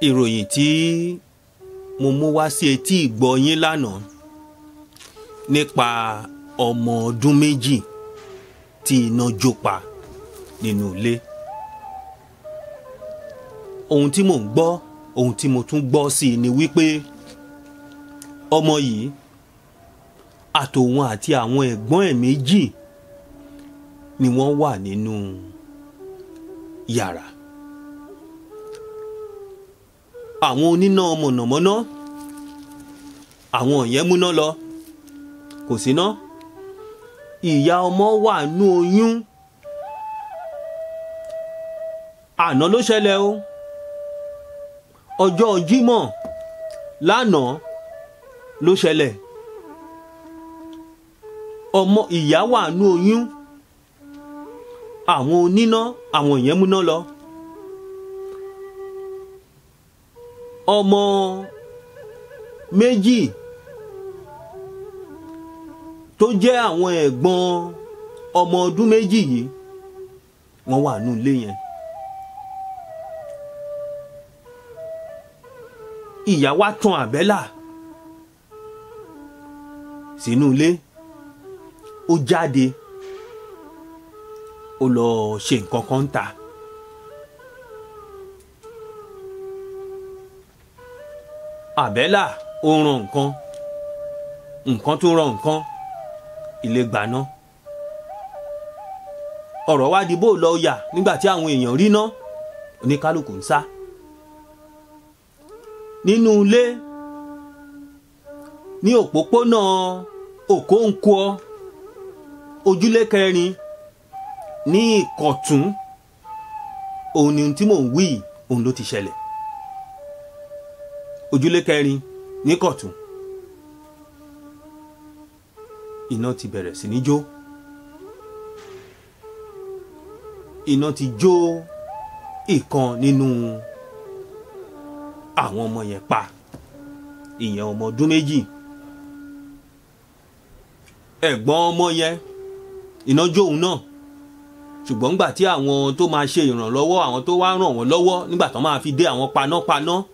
ìròyìn tí mo mú wá sí etí ìgbọ́ yín lánàá nípa ọmọ ọdún méjì tí iná jó pa nínú ilé ohun tí mò ń gbọ́ ohun tí mo tún gbọ́ sí ni wípé ọmọ yìí àtòun àti àwọn ẹ̀gbọ́n ẹ̀ méjì ni wọ́n wà nínú yàrá àwọn oníná mọ̀nàmọ́ná àwọn yẹn múná lọ kò síná ìyá ọmọ wà nú oyún àná ló ṣẹlẹ̀ o ọjọ́ Jímọ̀ lánàá ló ṣẹlẹ̀ ọmọ ìyá wà nú oyún àwọn oníná àwọn yẹn múná lọ. ọmọ méjì tó jẹ́ àwọn ẹ̀gbọ́n ọmọ ọdún méjì yìí wọ́n wà nù ilé yẹn. ìyá wa tan àbẹ́là sínú ilé ó jáde ó lọ ṣe nǹkan kan ń ta. àbẹ́là ó ran nǹkan nǹkan tó ran nǹkan ilé gbaná ọ̀rọ̀ wá di bó lọ yà nígbà tí àwọn èèyàn rí ná oníkálukú ń sá nínú ilé ní òpópónà òkóǹkó ojúlé kẹrin ní ìkọ̀tún òun ni tí mò ń wí òun ló ti ṣẹlẹ̀ ojúlé kẹrin níkọ̀tún iná ti bẹ̀rẹ̀ sí ní jó iná ti jó ìkan nínú àwọn ọmọ yẹn pa ìyẹn ọmọ ọdún méjì ẹ̀gbọ́n ọmọ yẹn iná jó òun náà ṣùgbọ́n nígbà tí àwọn tó máa ṣe ìrànlọ́wọ́ àwọn tó wá ràn wọ́n lọ́wọ́ nígbà tó máa fi dé àwọn panápaná. No,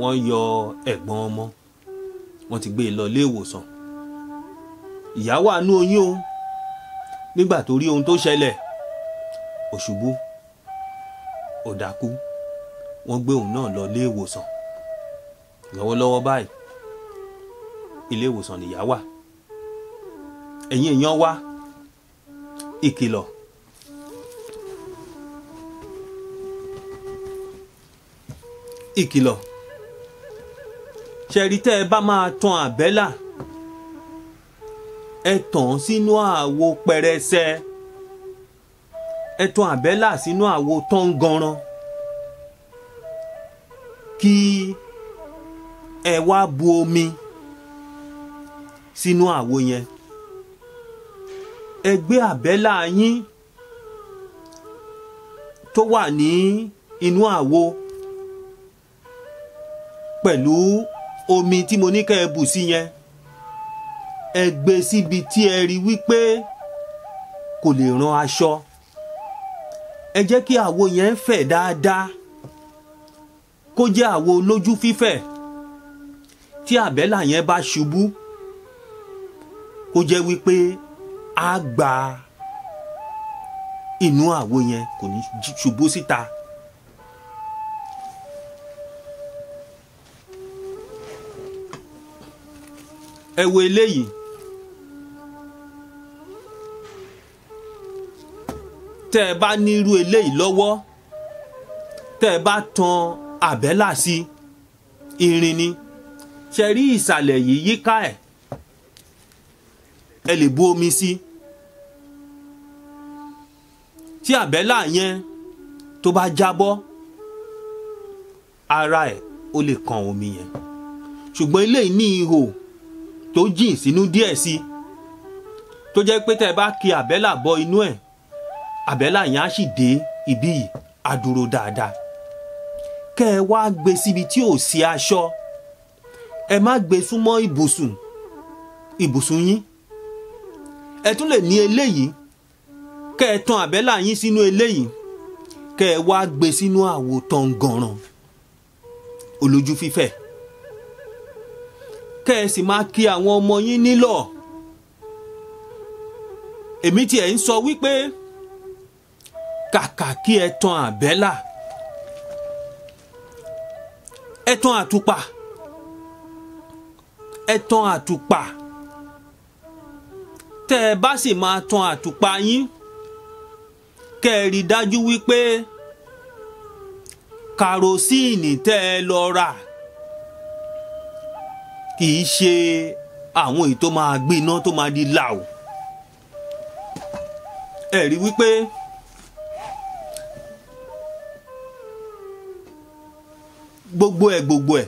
wọ́n yọ ẹ̀gbọ́n ọmọ wọ́n ti gbé e lọ ilé ìwòsàn ìyá wà nú oyún o nígbà tó rí ohun tó ṣẹlẹ̀ òṣùbù ó dákú wọ́n gbé òun náà lọ ilé ìwòsàn lọ́wọ́lọ́wọ́ báyìí ilé ìwòsàn nìyá wà ẹ̀yin èèyàn wa ìkìlọ̀ ìkìlọ̀ ṣẹ̀rí tẹ́ ẹ bá máa tan àbẹ́là ẹ tàn án sínú àwo pẹrẹsẹ ẹ tan àbẹ́là sínú àwo tọ́ngànran kí ẹ wá bu omi sínú àwo yẹn ẹ gbé àbẹ́là yín tó wà ní inú àwo pẹ̀lú omi tí mo ní kẹ́ ẹ bù sí yẹn ẹ gbé síbi tí ẹ rí wípé kò lè ran aṣọ ẹ jẹ́ kí àwo yẹn fẹ̀ dáadáa kó jẹ́ àwo olójú fífẹ̀ tí àbẹ́là yẹn bá ṣubú kó jẹ́ wípé á gba inú àwo yẹn kò ní ṣubú síta. Si ẹ wo eléyìí tẹ́ ẹ bá ní irú eléyìí lọ́wọ́ tẹ́ ẹ bá tan àbẹ́là sí irin ni ṣe rí ìsàlẹ̀ yìí yíká ẹ̀ ẹ lè bu omi sí tí àbẹ́là yẹn tó bá jábọ́ ara ẹ̀ ó lè kan omi yẹn ṣùgbọ́n eléyìí ní ihò tó jìn sínú díẹ̀ sí tó jẹ́ pé tẹ́ ẹ bá ki àbẹ́là bọ inú ẹ̀ àbẹ́là yẹn á sì dé ibí yìí á dúró dáadáa kẹ́ ẹ wá gbé síbi tí ò sí aṣọ ẹ má gbé súnmọ́ ibùsùn ibùsùn yín ẹ tún lè ní eléyìí kẹ́ ẹ tan àbẹ́là yín sínú eléyìí kẹ́ ẹ wá gbé sínú àwo tọ̀ǹgànràn olójú fífẹ̀ kẹ́ ẹ sì máa kí àwọn ọmọ yín nílọ̀ èmi tiẹ̀ ń sọ wípé kàkà kí ẹ tan àbẹ́là ẹ tan àtùpà ẹ tan àtùpà tẹ́ ẹ bá sì máa tan àtùpà yín kẹ́ ẹ rí dájú wípé kàròsíìnì tẹ́ ẹ lọ rà kì í ṣe àwọn èyí tó máa gbé iná tó máa di làw ẹ rí wípé gbogbo ẹ gbogbo ẹ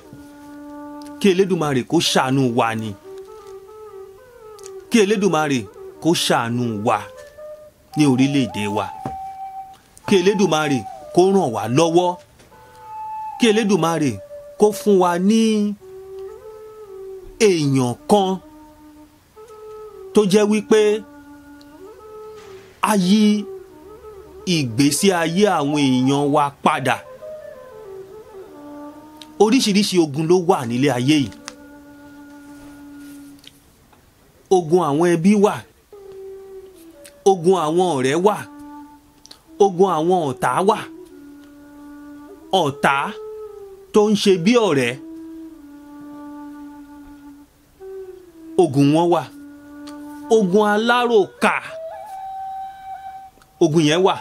kí Elédùmarè kó ṣàánú wa ni kí Elédùmarè kó ṣàánú wa ní orílẹ̀-èdè wa kí Elédùmarè kó ràn wá lọ́wọ́ kí Elédùmarè kó fún wa ní èèyàn kan tó jẹ́ wípé a yí ìgbésí ayé àwọn èèyàn wa padà oríṣiríṣi ogun ló wà nílé ayé yìí ogun àwọn ẹbí wà ogun àwọn ọ̀rẹ́ wà ogun àwọn ọ̀tá wà ọ̀tá tó ń ṣe bí ọ̀rẹ́ ogun wọn wà ogun aláròkà ogun yẹn wà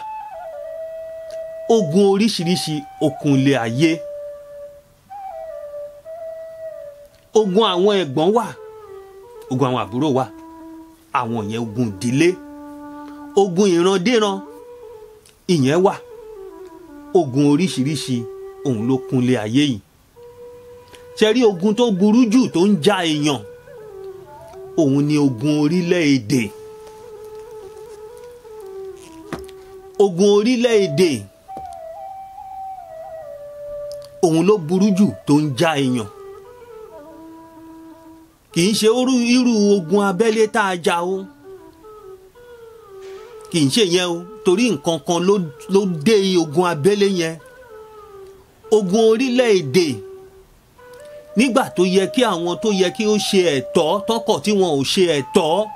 ogun oríṣiríṣi okùn ilé ayé ogun àwọn ẹ̀gbọ́n wà ogun àwọn àbúrò wà àwọn yẹn ogun ìdílé ogun ìrandíran ìyẹn wà ogun oríṣiríṣi òun ló kúnlé ayé yìí ṣe rí ogun tó burú jù tó ń ja èèyàn òun ni ogun orílẹ̀-èdè ogun orílẹ̀-èdè òun ló burú jù tó ń já èèyàn kì í ṣe irú ogun abẹ́lé tá a jà o kì í ṣe yẹn o torí nǹkan kan ló dé ogun abẹ́lé yẹn ogun orílẹ̀-èdè nígbà tó yẹ kí àwọn tó yẹ kí ó ṣe ẹ̀tọ́ tọkọ̀ tí wọn ò ṣe ẹ̀tọ́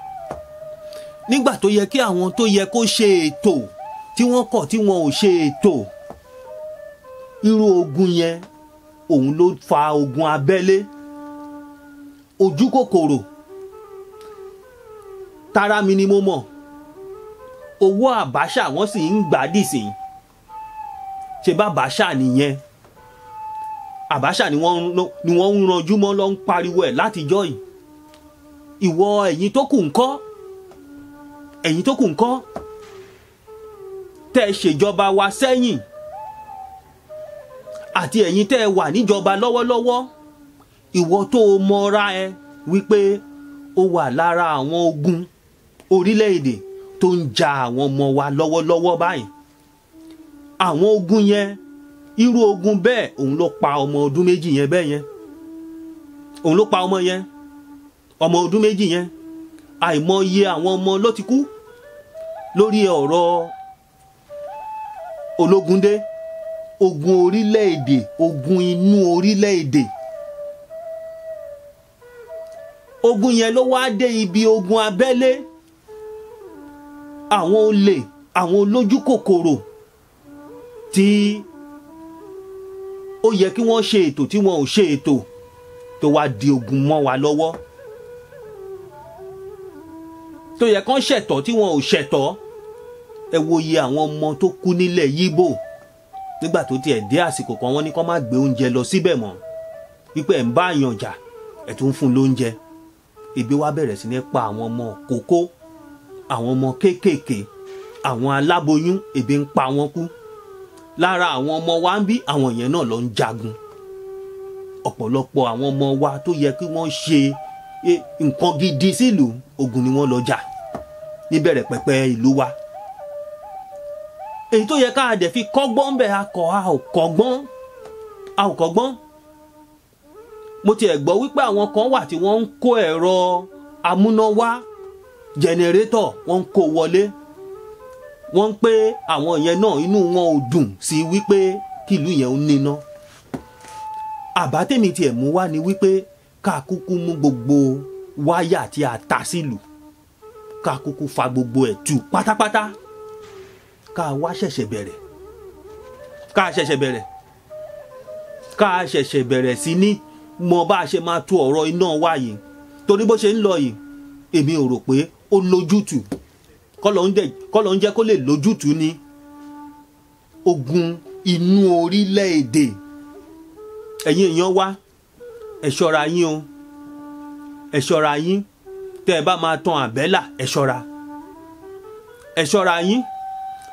nígbà tó yẹ kí àwọn tó yẹ kó ṣe ètò tí wọ́n kọ̀ tí wọn ò ṣe ètò irú ogun yẹn òun ló fa ogun abẹ́lé ojú kòkòrò tara mi ni mo mọ̀ owó Abacha wọ́n sì ń gbà dìsìn ṣe bá Abacha nìyẹn Abacha ni wọ́n ni wọ́n ń ranjú mọ́ ló ń pariwo ẹ̀ látijọ́ yìí ìwọ ẹ̀yin tó kù ńkọ́ ẹ̀yin tó kù ńkọ́ tẹ́ ẹ ṣèjọba wa sẹ́yìn àti ẹ̀yin tẹ́ ẹ wà níjọba lọ́wọ́lọ́wọ́ ìwọ tó o mọra ẹ wípé o wà lára àwọn ogun orílẹ̀-èdè tó ń ja àwọn ọmọ wa lọ́wọ́lọ́wọ́ báyìí àwọn ogun yẹn irú ogun bẹ́ẹ̀ òun ló pa ọmọ ọdún méjì yẹn bẹ́ẹ̀ yẹn òun ló pa ọmọ yẹn ọmọ ọdún méjì yẹn àìmọye àwọn ọmọ ló ti kú lórí ọ̀rọ̀ ológundé ogun orílẹ̀-èdè ogun inú orílẹ̀-èdè ogun yẹn ló wá dé ibi ogun abẹ́lé àwọn olè àwọn olójú kòkòrò tí ó yẹ kí wọ́n ṣe ètò tí wọn ò ṣe ètò tó wá di ogun mọ́ wa lọ́wọ́ tó yẹ kán ṣẹ̀tọ́ tí wọn ò ṣẹ̀tọ́ ẹ wo iye àwọn ọmọ tó kú nílẹ̀ yíbò nígbà tó tiẹ̀ dé àsìkò kan wọ́n ní kán má gbé oúnjẹ lọ síbẹ̀ mọ́ wípé ẹ̀ ń bá àyàn jà ẹ̀ tún ń fún lóúnjẹ ebi wá bẹ̀rẹ̀ sí ní pa àwọn ọmọ kókó àwọn ọmọ kéékèèké àwọn aláboyún ebi ń pa wọn kú lára àwọn ọmọ wa ń bí àwọn yẹn náà lọ ń jagun ọ̀pọ̀lọpọ̀ àwọn ọmọ wa tó yẹ kí wọ́n ṣe e, nǹkan gidi sílùú ogun ni wọ́n lọ jà níbẹ̀rẹ̀ pẹ̀pẹ̀ ìlú wa èyí tó yẹ ká dẹ̀ fi kọ́gbọ́n bẹ́ẹ̀ akọ̀ a ò kọ́gbọ́n a ò kọ́gbọ́n mo tiẹ̀ gbọ́ wípé àwọn kan wà tí wọ́n ń kó ẹ̀rọ amúnáwá jẹnẹrétọ̀ wọ́n ń kó wọlé wọ́n ń pé àwọn yẹn náà inú wọn ò dùn sí wípé kìlú yẹn ò níná àbá tèmi tiẹ̀ mú wá ni wípé ká mú gbogbo wáyà tí a ta sílùú ká kúkú fa gbogbo ẹ̀ tú pátápátá ká wá ṣẹ̀ṣẹ̀ bẹ̀rẹ̀ ká ṣẹ̀ṣẹ̀ bẹ̀rẹ̀ ká ṣẹ̀ṣẹ̀ bẹ̀rẹ̀ sí ní mọ bá a ṣe máa tú ọ̀rọ̀ iná wa yìí torí bó ṣe ń lọ yìí èmi ò rò pé ó lójútùú kọ́lọ̀ ń jẹ́ kó lè lójútùú ni ogun inú orílẹ̀-èdè ẹ̀yin èèyàn wa ẹ ṣọ́ra yín o ẹ ṣọ́ra yín tẹ́ ẹ bá máa tan àbẹ́là ẹ ṣọ́ra ẹ ṣọ́ra yín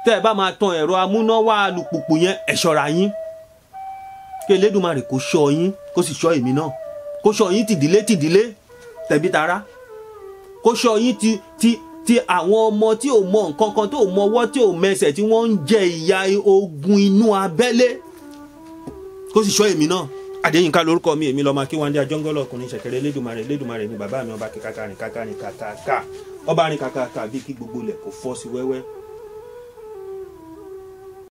tẹ́ ẹ bá máa tan ẹ̀rọ amúnáwá alùpùpù yẹn ẹ ṣọ́ra yín kí Elédùmarè kó ṣọ́ yín kó sì ṣọ́ èmi náà kó ṣọ́ yín tìdílé tìdílé tẹ̀bí kó ṣọ́ yín ti ti ti àwọn ọmọ tí ò mọ nǹkan kan tó mọ ọwọ́ tí ò mẹsẹ̀ tí wọ́n ń jẹ ìyà ogun inú abẹ́lé kó sì ṣọ́ èmi náà adéyínká lórúkọ mi èmi lọ́mọ akínwándé ajọ́ngọ́lọ́ ọkùnrin ṣẹ̀kẹ̀rẹ̀ elédùnmarè elédùnmarè ni bàbá mi ọba kíkàkàrìn kàkàrìn kàkàkà ọba rìn kàkàkà bíi kí gbogbo ilẹ̀ kò fọ́ sí wẹ́wẹ́